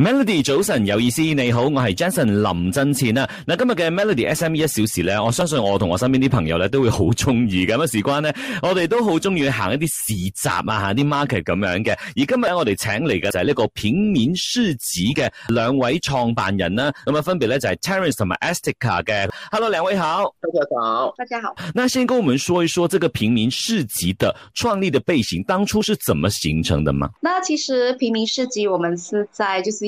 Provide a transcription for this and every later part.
Melody 早晨，有意思，你好，我係 Jason 林振倩啦。嗱，今日嘅 Melody SME 一小時咧，我相信我同我身邊啲朋友咧都會好中意嘅。咁啊，事關我哋都好中意行一啲市集啊，行啲 market 咁樣嘅。而今日我哋請嚟嘅就係呢個平民市集嘅兩位創辦人啦。咁啊，分別咧就係 Terence 同埋 Estica 嘅。Hello，兩位好，大家好。大家好。那先跟我們說一說，這個平民市集的創立的背景，當初是怎麼形成的嗎？那其實平民市集，我們是在就是。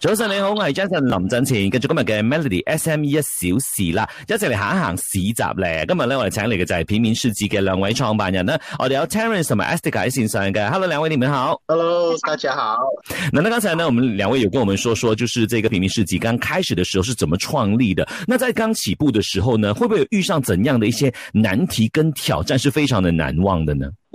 早上你好，我係 Jason 林振晴。繼續今日嘅 Melody SME 一小時啦，一齊嚟行一行市集咧。今日呢，我哋請嚟嘅就係平民市集嘅兩位創辦人，呢，我哋有 Terence 同埋 Esther 喺現場嘅。Hello，兩位你們好。Hello，大家好。嗱，那剛才呢，我們兩位有跟我們說說，就是這個平民市集剛開始的時候是怎麼創立的。那在剛起步的時候呢，會不會有遇上怎樣的一些難題跟挑戰，是非常的難忘的呢？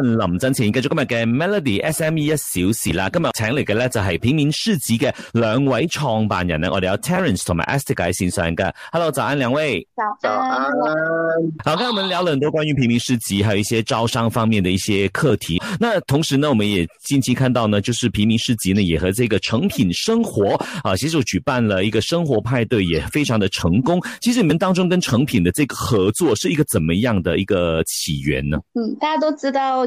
林振前，繼續今日嘅 Melody SME 一小時啦。今日請嚟嘅咧就係平民市集嘅兩位創辦人咧，我哋有 Terence 同埋 Esther 先生 Hello，早安，兩位。早安。好，剛才我們聊了很多關於平民市集，還有一些招商方面的一些課題。那同時呢，我們也近期看到呢，就是平民市集呢，也和這個成品生活啊携手舉辦了一個生活派對，也非常的成功。其實你們當中跟成品的這個合作是一個怎麼樣的一個起源呢？嗯，大家都知道。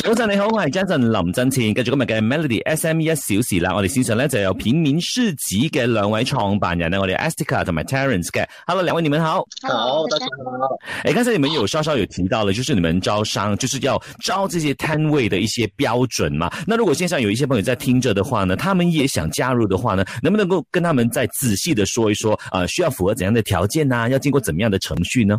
早晨你好，我係 Jason 林振前，跟住今日嘅 Melody SME 一小時啦，我哋線上呢，就有平民市集嘅兩位創辦人咧，我哋 Estika 同埋 Terence，Hello 兩位你們好好，大家好，誒、哎，剛才你們有稍稍有提到了，就是你們招商就是要招這些攤位的一些標準嘛，那如果線上有一些朋友在聽着的話呢，他們也想加入的話呢，能不能夠跟他們再仔細的說一說，啊、呃，需要符合怎樣的條件啊？要經過怎麼樣的程序呢？